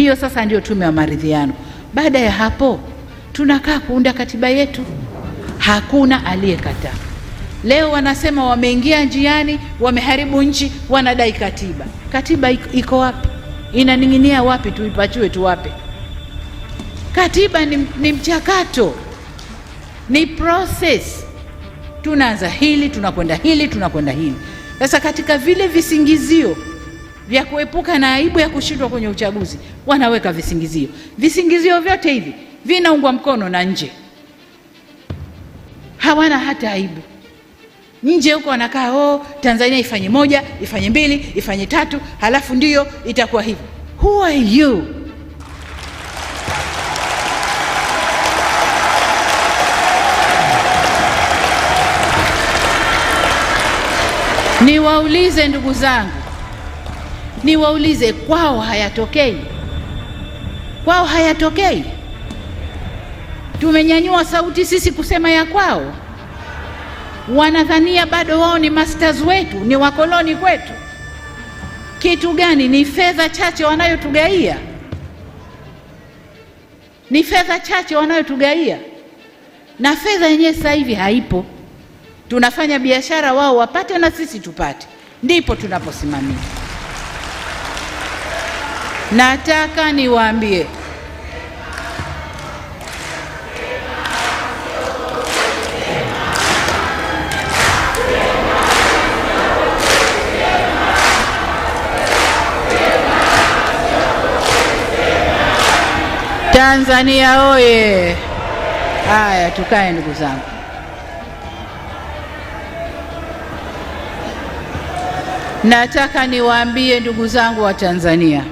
Hiyo sasa ndiyo tume ya maridhiano. Baada ya hapo, tunakaa kuunda katiba yetu. Hakuna aliyekataa. Leo wanasema wameingia njiani, wameharibu nchi, wanadai katiba. Katiba iko wapi? Inaning'inia wapi? Tuipachue tu wapi? Katiba ni, ni mchakato, ni process. Tunaanza hili, tunakwenda hili, tunakwenda hili. Sasa katika vile visingizio vya kuepuka na aibu ya kushindwa kwenye uchaguzi, wanaweka visingizio. Visingizio vyote hivi vinaungwa mkono na nje, hawana hata aibu. Nje huko wanakaa oh, Tanzania ifanye moja, ifanye mbili, ifanye tatu, halafu ndiyo itakuwa hivi. Who are you? Niwaulize ndugu zangu, niwaulize, kwao hayatokei? Kwao hayatokei? Tumenyanyua sauti sisi kusema ya kwao, wanadhania bado wao ni masters wetu, ni wakoloni kwetu. Kitu gani? Ni fedha chache wanayotugaia, ni fedha chache wanayotugaia, na fedha yenyewe sasa hivi haipo. Tunafanya biashara, wao wapate na sisi tupate, ndipo tunaposimamia. Nataka niwaambie Tanzania oye! Haya, tukae ndugu zangu. Nataka niwaambie ndugu zangu wa Tanzania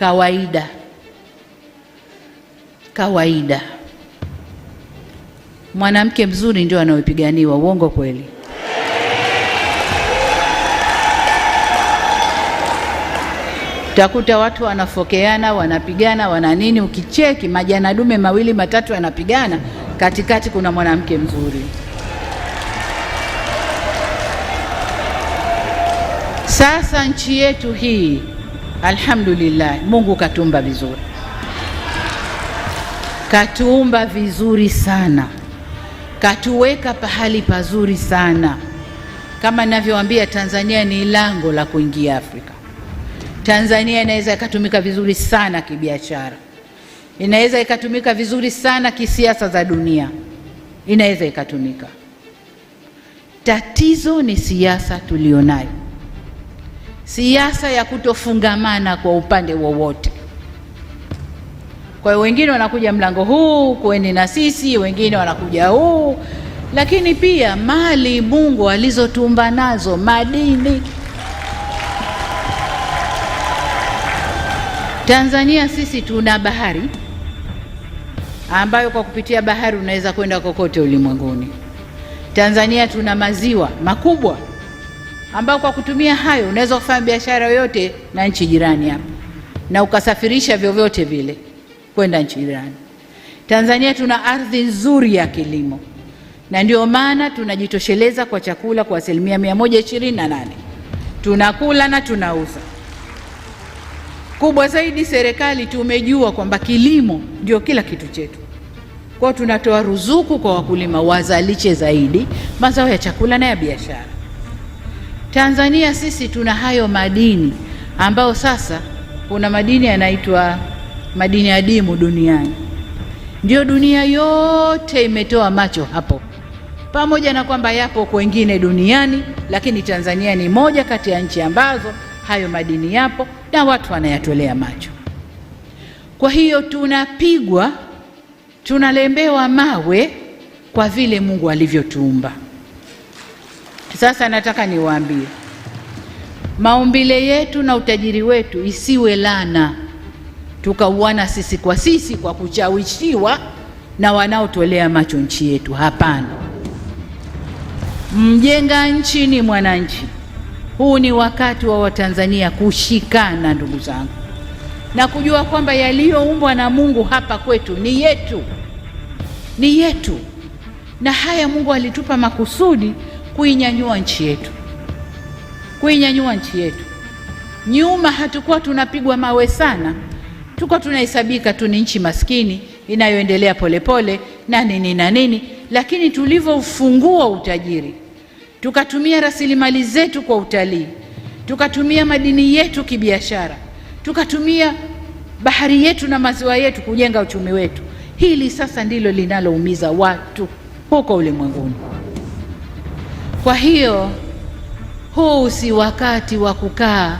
kawaida kawaida. Mwanamke mzuri ndio anayepiganiwa. Uongo kweli? Utakuta watu wanafokeana, wanapigana, wana nini. Ukicheki majana dume mawili matatu yanapigana, katikati kuna mwanamke mzuri. Sasa nchi yetu hii Alhamdulillah, Mungu katuumba vizuri, katuumba vizuri sana, katuweka pahali pazuri sana. Kama ninavyowaambia, Tanzania ni lango la kuingia Afrika. Tanzania inaweza ikatumika vizuri sana kibiashara, inaweza ikatumika vizuri sana kisiasa za dunia, inaweza ikatumika. Tatizo ni siasa tulionayo siasa ya kutofungamana kwa upande wowote. Kwa hiyo wengine wanakuja mlango huu, kueni na sisi, wengine wanakuja huu, lakini pia mali Mungu alizotumba nazo, madini Tanzania sisi tuna bahari ambayo kwa kupitia bahari unaweza kwenda kokote ulimwenguni. Tanzania tuna maziwa makubwa ambao kwa kutumia hayo unaweza kufanya biashara yoyote na nchi jirani hapa na ukasafirisha vyovyote vile kwenda nchi jirani. Tanzania tuna ardhi nzuri ya kilimo na ndio maana tunajitosheleza kwa chakula kwa asilimia mia moja ishirini na nane tunakula na tunauza. Kubwa zaidi, serikali tumejua kwamba kilimo ndio kila kitu chetu, kwao tunatoa ruzuku kwa wakulima wazalishe zaidi mazao ya chakula na ya biashara. Tanzania sisi tuna hayo madini ambayo sasa kuna madini yanaitwa madini adimu duniani, ndio dunia yote imetoa macho hapo, pamoja na kwamba yapo kwengine duniani, lakini Tanzania ni moja kati ya nchi ambazo hayo madini yapo na watu wanayatolea macho. Kwa hiyo tunapigwa, tunalembewa mawe kwa vile Mungu alivyotuumba. Sasa nataka niwaambie maumbile yetu na utajiri wetu isiwe lana tukauana sisi kwa sisi kwa kuchawishiwa na wanaotolea macho nchi yetu. Hapana, mjenga nchi ni mwananchi. Huu ni wakati wa Watanzania kushikana, ndugu zangu, na kujua kwamba yaliyoumbwa na Mungu hapa kwetu ni yetu, ni yetu, na haya Mungu alitupa makusudi kuinyanyua nchi yetu, kuinyanyua nchi yetu. Nyuma hatukuwa tunapigwa mawe sana, tuko tunahesabika tu ni nchi maskini inayoendelea polepole na nini na nini, lakini tulivyofungua utajiri, tukatumia rasilimali zetu kwa utalii, tukatumia madini yetu kibiashara, tukatumia bahari yetu na maziwa yetu kujenga uchumi wetu. Hili sasa ndilo linaloumiza watu huko ulimwenguni. Kwa hiyo huu si wakati wa kukaa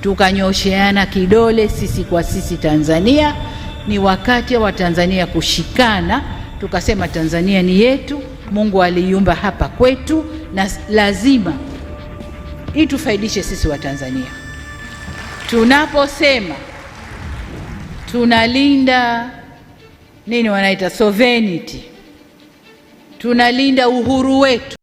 tukanyosheana kidole sisi kwa sisi Tanzania. Ni wakati wa Tanzania kushikana, tukasema Tanzania ni yetu, Mungu aliiumba hapa kwetu, na lazima itufaidishe sisi wa Tanzania. Tunaposema tunalinda nini, wanaita sovereignty, tunalinda uhuru wetu.